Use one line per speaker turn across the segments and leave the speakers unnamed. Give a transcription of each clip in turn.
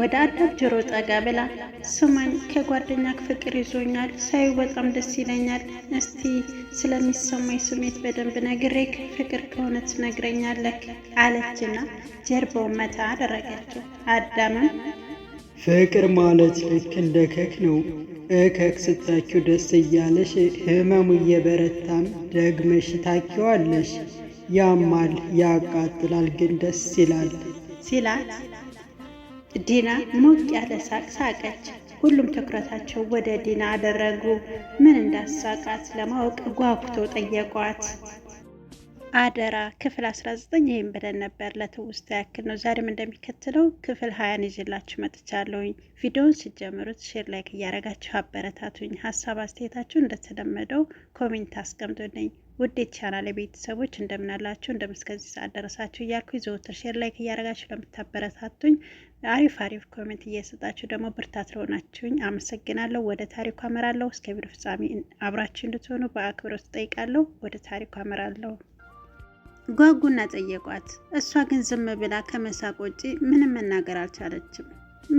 ወደ አዳም ጆሮ ጠጋ ብላ ስማኝ፣ ከጓደኛ ፍቅር ይዞኛል፣ ሳዩ በጣም ደስ ይለኛል። እስቲ ስለሚሰማኝ ስሜት በደንብ ነግሬክ ፍቅር ከሆነ ትነግረኛለክ አለችና ጀርባውን መታ አደረገችው። አዳምም ፍቅር ማለት ልክ እንደ ከክ ነው እከክ ስታችሁ ደስ እያለሽ ህመሙ እየበረታም ደግመሽ ታኪዋለሽ። ያማል፣ ያቃጥላል፣ ግን ደስ ይላል
ሲላት ዲና ሞቅ ያለ ሳቅ ሳቀች። ሁሉም ትኩረታቸው ወደ ዲና አደረጉ። ምን እንዳሳቃት ለማወቅ ጓጉተው ጠየቋት። አደራ ክፍል 19 ይህም ብለን ነበር። ለትውስታ ያክል ነው። ዛሬም እንደሚከተለው ክፍል ሀያን ይዤላችሁ መጥቻለሁኝ። ቪዲዮውን ስጀምሩት ሼር፣ ላይክ እያደረጋችሁ አበረታቱኝ። ሀሳብ አስተያየታችሁ እንደተለመደው ኮሜንት አስቀምጡልኝ። ውድ ቻናል ቤተሰቦች እንደምናላችሁ እንደምስከዚህ ሰዓት ደረሳችሁ እያልኩ ዘወትር ሼር፣ ላይክ እያደረጋችሁ ለምታበረታቱኝ አሪፍ አሪፍ ኮሜንት እየሰጣችሁ ደግሞ ብርታት ለሆናችሁኝ አመሰግናለሁ። ወደ ታሪኩ አመራለሁ። እስከ ቪዲዮ ፍጻሜ አብራችሁ እንድትሆኑ በአክብሮት ጠይቃለሁ። ወደ ታሪኩ አመራለሁ። ጓጉና ጠየቋት። እሷ ግን ዝም ብላ ከመሳቅ ውጪ ምንም መናገር አልቻለችም።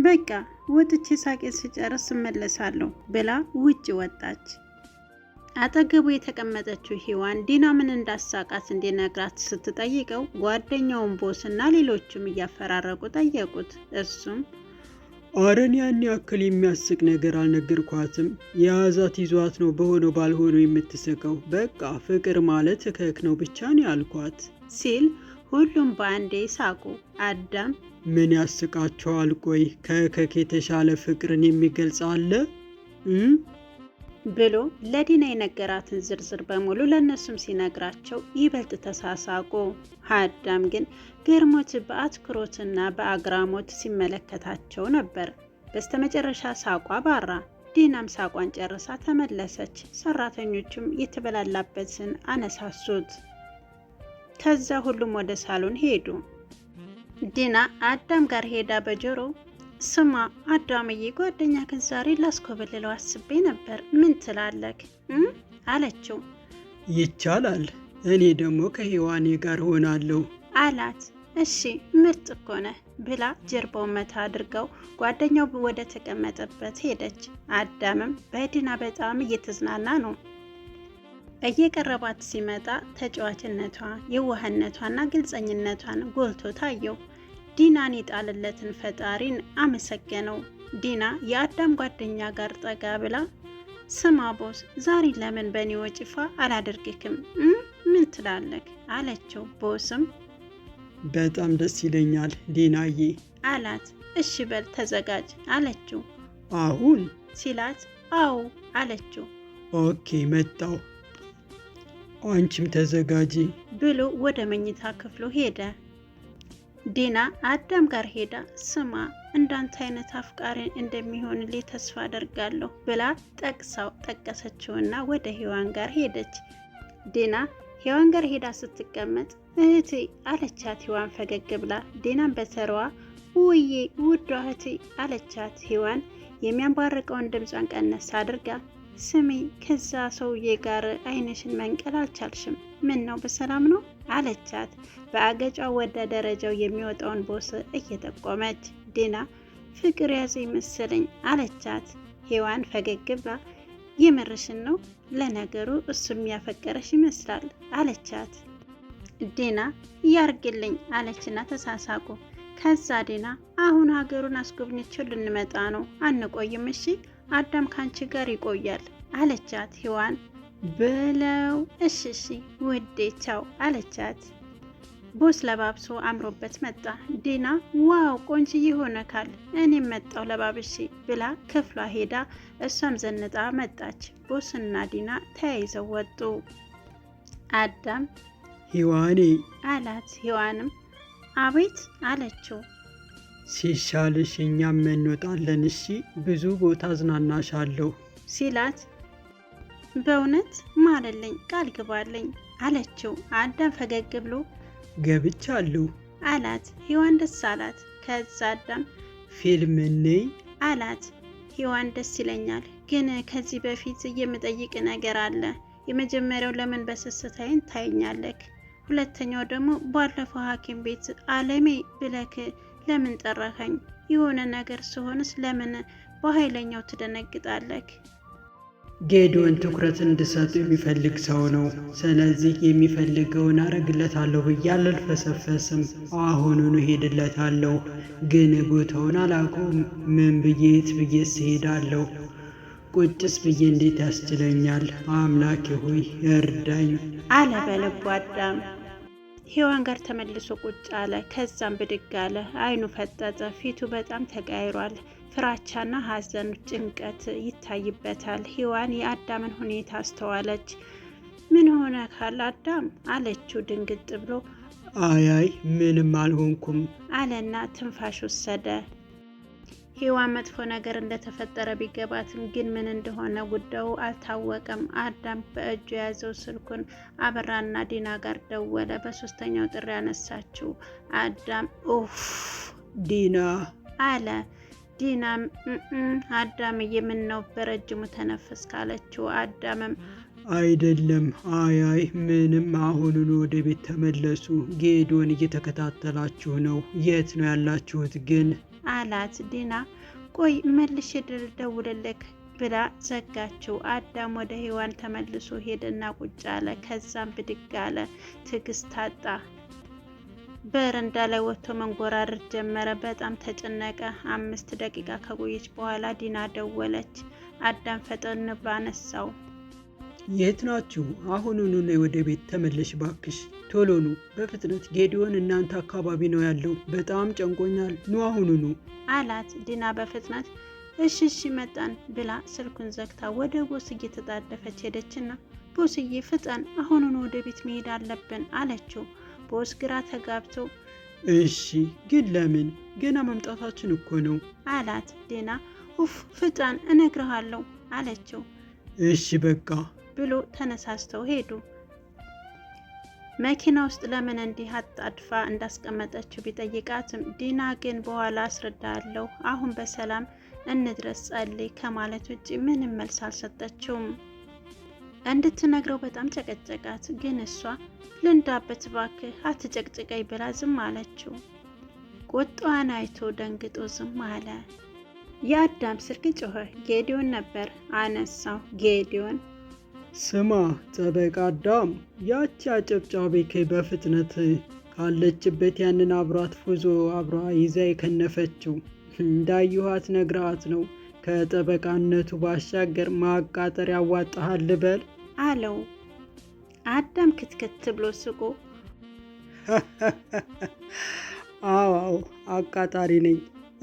በቃ ወጥቼ ሳቄን ስጨርስ እመለሳለሁ ብላ ውጭ ወጣች። አጠገቡ የተቀመጠችው ሂዋን ዲና ምን እንዳሳቃት እንዲነግራት ስትጠይቀው ጓደኛውን ቦስ እና ሌሎቹም እያፈራረቁ ጠየቁት። እሱም
አረን ያን ያክል የሚያስቅ ነገር አልነገርኳትም። የያዛት ይዟት ነው በሆነው ባልሆነው የምትስቀው። በቃ ፍቅር ማለት እከክ ነው ብቻ ነው ያልኳት
ሲል ሁሉም በአንዴ ሳቁ። አዳም
ምን ያስቃቸዋል? ቆይ ከእከክ የተሻለ ፍቅርን የሚገልጽ አለ?
ብሎ ለዲና የነገራትን ዝርዝር በሙሉ ለእነሱም ሲነግራቸው ይበልጥ ተሳሳቁ። ሀዳም ግን ገርሞት በአትኩሮትና በአግራሞት ሲመለከታቸው ነበር። በስተመጨረሻ ሳቋ ባራ። ዲናም ሳቋን ጨርሳ ተመለሰች። ሰራተኞቹም የተበላላበትን አነሳሱት። ከዛ ሁሉም ወደ ሳሎን ሄዱ። ዲና አዳም ጋር ሄዳ በጆሮ ስማ አዳምዬ ጓደኛ ግን ዛሬ ላስኮበልለው አስቤ ነበር። ምን ትላለክ? አለችው።
ይቻላል፣ እኔ ደግሞ ከሔዋኔ ጋር ሆናለሁ
አላት። እሺ ምርጥ እኮ ነህ ብላ ጀርባው መታ አድርገው ጓደኛው ወደ ተቀመጠበት ሄደች። አዳምም በድና በጣም እየተዝናና ነው። እየቀረባት ሲመጣ ተጫዋችነቷ፣ የዋህነቷና ግልፀኝነቷን ጎልቶ ታየው። ዲናን የጣለለትን ፈጣሪን አመሰገነው። ዲና የአዳም ጓደኛ ጋር ጠጋ ብላ ስማ ቦስ፣ ዛሬ ለምን በእኔ ወጭፋ አላደርግክም? ምን ትላለክ? አለችው። ቦስም
በጣም ደስ ይለኛል ዲናዬ
አላት። እሺ በል ተዘጋጅ አለችው። አሁን ሲላት አዎ አለችው።
ኦኬ መጣው፣ አንቺም ተዘጋጂ
ብሎ ወደ መኝታ ክፍሉ ሄደ። ዲና አዳም ጋር ሄዳ ስማ እንዳንተ አይነት አፍቃሪ እንደሚሆንልኝ ተስፋ አደርጋለሁ ብላ ጠቅሳው ጠቀሰችውና ወደ ሔዋን ጋር ሄደች። ዲና ሔዋን ጋር ሄዳ ስትቀመጥ እህቴ አለቻት። ሔዋን ፈገግ ብላ ዲናን በተሯ ውዬ ውዷ እህቴ አለቻት። ሔዋን የሚያንቧርቀውን ድምጿን ቀነስ አድርጋ ስሚ ከዛ ሰውዬ ጋር አይንሽን መንቀል አልቻልሽም፣ ምን ነው በሰላም ነው አለቻት በአገጯ ወደ ደረጃው የሚወጣውን ቦስ እየጠቆመች። ድና ፍቅር ያዘኝ መሰለኝ አለቻት። ሔዋን ፈገግ ብላ ነው? ለነገሩ እሱም ያፈቀረሽ ይመስላል አለቻት። ዲና ያርግልኝ አለችና ተሳሳቁ። ከዛ ዲና አሁን ሀገሩን አስጎብኝቸው ልንመጣ ነው፣ አንቆይም። እሺ አዳም ካንቺ ጋር ይቆያል አለቻት ሔዋን ብለው እሺ እሺ ውዴ ቻው አለቻት። ቦስ ለባብሶ አምሮበት መጣ። ዲና ዋው ቆንጅዬ ሆነካል፣ እኔም መጣው ለባብሽ ብላ ክፍሏ ሄዳ እሷም ዘንጣ መጣች። ቦስና ዲና ተያይዘው ወጡ። አዳም ሔዋኔ አላት። ሔዋንም አቤት አለችው።
ሲሻልሽ እኛም እንወጣለን እሺ፣ ብዙ ቦታ አዝናናሻለሁ
ሲላት በእውነት ማለልኝ ቃል ግባልኝ አለችው። አዳም ፈገግ ብሎ
ገብቻለሁ
አላት። ሔዋን ደስ አላት። ከዛ አዳም
ፊልም ነይ
አላት። ሔዋን ደስ ይለኛል፣ ግን ከዚህ በፊት የምጠይቅ ነገር አለ። የመጀመሪያው ለምን በስስት ዓይን ታይኛለክ? ሁለተኛው ደግሞ ባለፈው ሐኪም ቤት አለሜ ብለክ ለምን ጠራኸኝ? የሆነ ነገር ስሆንስ ለምን በኃይለኛው ትደነግጣለክ?
ጌዲዮን ትኩረት እንድሰጡ የሚፈልግ ሰው ነው። ስለዚህ የሚፈልገውን አረግለታለሁ ብዬ አልፈሰፈስም። አሁኑኑ ሄድለታለሁ። ግን ቦታውን አላውቀውም። ምን ብዬ የት ብዬ ስሄዳለሁ? ቁጭስ ብዬ እንዴት ያስችለኛል? አምላኬ ሆይ እርዳኝ
አለ በልቡ አዳም። ሔዋን ጋር ተመልሶ ቁጭ አለ። ከዛም ብድግ አለ። አይኑ ፈጠጠ። ፊቱ በጣም ተቀያይሯል። ፍራቻና ሐዘን፣ ጭንቀት ይታይበታል። ሔዋን የአዳምን ሁኔታ አስተዋለች። ምን ሆነ ካል አዳም አለችው ድንግጥ ብሎ
አያይ ምንም አልሆንኩም
አለና ትንፋሽ ወሰደ። ሔዋን መጥፎ ነገር እንደተፈጠረ ቢገባትም ግን ምን እንደሆነ ጉዳዩ አልታወቀም። አዳም በእጁ የያዘው ስልኩን አበራና ዲና ጋር ደወለ። በሶስተኛው ጥሪ ያነሳችው አዳም ኡፍ ዲና አለ። ዲናም አዳም የምን ነው በረጅሙ ተነፈስ ካለችው አዳምም
አይደለም አያይ ምንም አሁኑን ወደ ቤት ተመለሱ ጌዶን እየተከታተላችሁ ነው የት ነው ያላችሁት ግን
አላት ዲና ቆይ መልሽ ደውልልክ ብላ ዘጋችው አዳም ወደ ሔዋን ተመልሶ ሄደና ቁጭ አለ ከዛም ብድግ አለ ትዕግስት ታጣ በረንዳ ላይ ወጥቶ መንጎራረድ ጀመረ። በጣም ተጨነቀ። አምስት ደቂቃ ከቆየች በኋላ ዲና ደወለች። አዳም ፈጠን ብሎ አነሳው።
የት ናችሁ? አሁኑኑ ወደ ቤት ተመለሽ ባክሽ። ቶሎ ኑ በፍጥነት ጌዲዮን እናንተ አካባቢ ነው ያለው። በጣም ጨንቆኛል። ኑ አሁኑኑ
አላት። ዲና በፍጥነት እሺ እሺ መጣን ብላ ስልኩን ዘግታ ወደ ቦስዬ ተጣደፈች ሄደችና ቦስዬ ፍጠን፣ አሁኑኑ ወደ ቤት መሄድ አለብን አለችው። ቦስ ግራ ተጋብቶ
እሺ ግን ለምን ገና መምጣታችን እኮ ነው
አላት። ዴና ኡፍ ፍጣን እነግርሃለሁ አለችው። እሺ በቃ ብሎ ተነሳስተው ሄዱ። መኪና ውስጥ ለምን እንዲህ አጣድፋ እንዳስቀመጠችው ቢጠይቃትም ዲና ግን በኋላ አስረዳለሁ፣ አሁን በሰላም እንድረስ ጸልይ ከማለት ውጭ ምንም መልስ አልሰጠችውም። እንድትነግረው በጣም ጨቀጨቃት። ግን እሷ ልንዳበት እባክህ አትጨቅጭቀኝ ብላ ዝም አለችው። ቁጣዋን አይቶ ደንግጦ ዝም አለ። የአዳም ስልክ ጮኸ። ጌዲዮን ነበር። አነሳው። ጌዲዮን
ስማ ጠበቃ አዳም፣ ያቺ አጨብጫቢ በፍጥነት ካለችበት ያንን አብሯት ፉዞ አብሯ ይዛ የከነፈችው እንዳየኋት ነግራት ነው ከጠበቃነቱ ባሻገር ማቃጠር ያዋጣሃል ልበል
አለው። አዳም ክትክት ብሎ ስቆ
አዎ አቃጣሪ ነኝ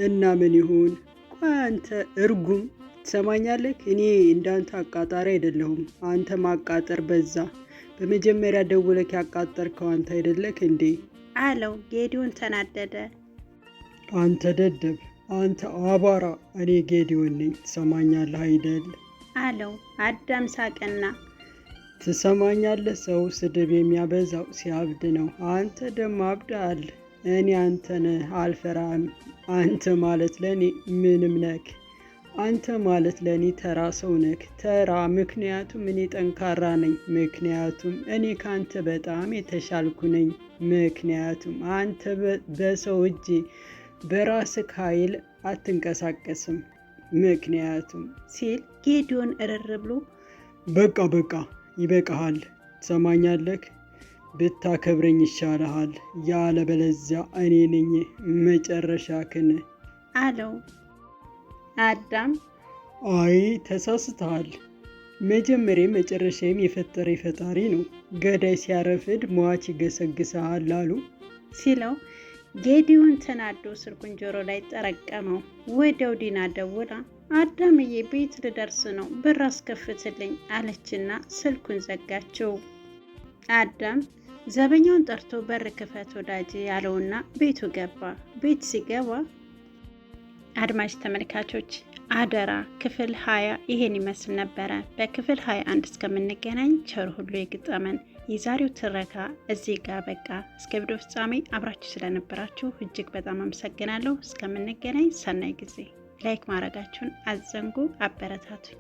እና ምን ይሁን? ቆይ አንተ እርጉም ትሰማኛለህ? እኔ እንዳንተ አቃጣሪ አይደለሁም። አንተ ማቃጠር በዛ። በመጀመሪያ ደውለክ ያቃጠርከው አንተ አይደለክ እንዴ?
አለው። ጌዲዮን ተናደደ።
አንተ ደደብ አንተ አቧራ፣ እኔ ጌዲዮን ነኝ፣ ትሰማኛለህ አይደል
አለው። አዳም ሳቀና
ትሰማኛለህ፣ ሰው ስድብ የሚያበዛው ሲያብድ ነው። አንተ ደግሞ አብዳል። እኔ አንተን አልፈራም። አንተ ማለት ለእኔ ምንም ነክ አንተ ማለት ለእኔ ተራ ሰው ነክ። ተራ ምክንያቱም እኔ ጠንካራ ነኝ። ምክንያቱም እኔ ከአንተ በጣም የተሻልኩ ነኝ። ምክንያቱም አንተ በሰው እጅ በራስህ ኃይል አትንቀሳቀስም፣ ምክንያቱም
ሲል ጌዲዮን እረር ብሎ
በቃ በቃ ይበቃሃል፣ ትሰማኛለህ? ብታከብረኝ ይሻልሃል፣ ያለበለዚያ እኔ ነኝ ክን
አለው። አዳም
አይ ተሳስተሃል። መጀመሪያ መጨረሻም የፈጠረ ፈጣሪ ነው። ገዳይ ሲያረፍድ ሟች ይገሰግሰሃል አሉ
ሲለው ጌዲዮን ተናዶ ስልኩን ጆሮ ላይ ጠረቀመው። ወደው ዲና ደውላ አዳምዬ ቤት ልደርስ ነው ብር አስከፍትልኝ አለችና ስልኩን ዘጋችው። አዳም ዘበኛውን ጠርቶ በር ክፈት ወዳጅ ያለውና ቤቱ ገባ። ቤት ሲገባ አድማጭ ተመልካቾች አደራ ክፍል ሀያ ይሄን ይመስል ነበረ። በክፍል ሀያ አንድ እስከምንገናኝ ቸር ሁሉ የግጠመን። የዛሬው ትረካ እዚህ ጋር በቃ። እስከ ቪዲዮ ፍጻሜ አብራችሁ ስለነበራችሁ እጅግ በጣም አመሰግናለሁ። እስከምንገናኝ ሰናይ ጊዜ። ላይክ ማድረጋችሁን አዘንጉ፣ አበረታቱኝ።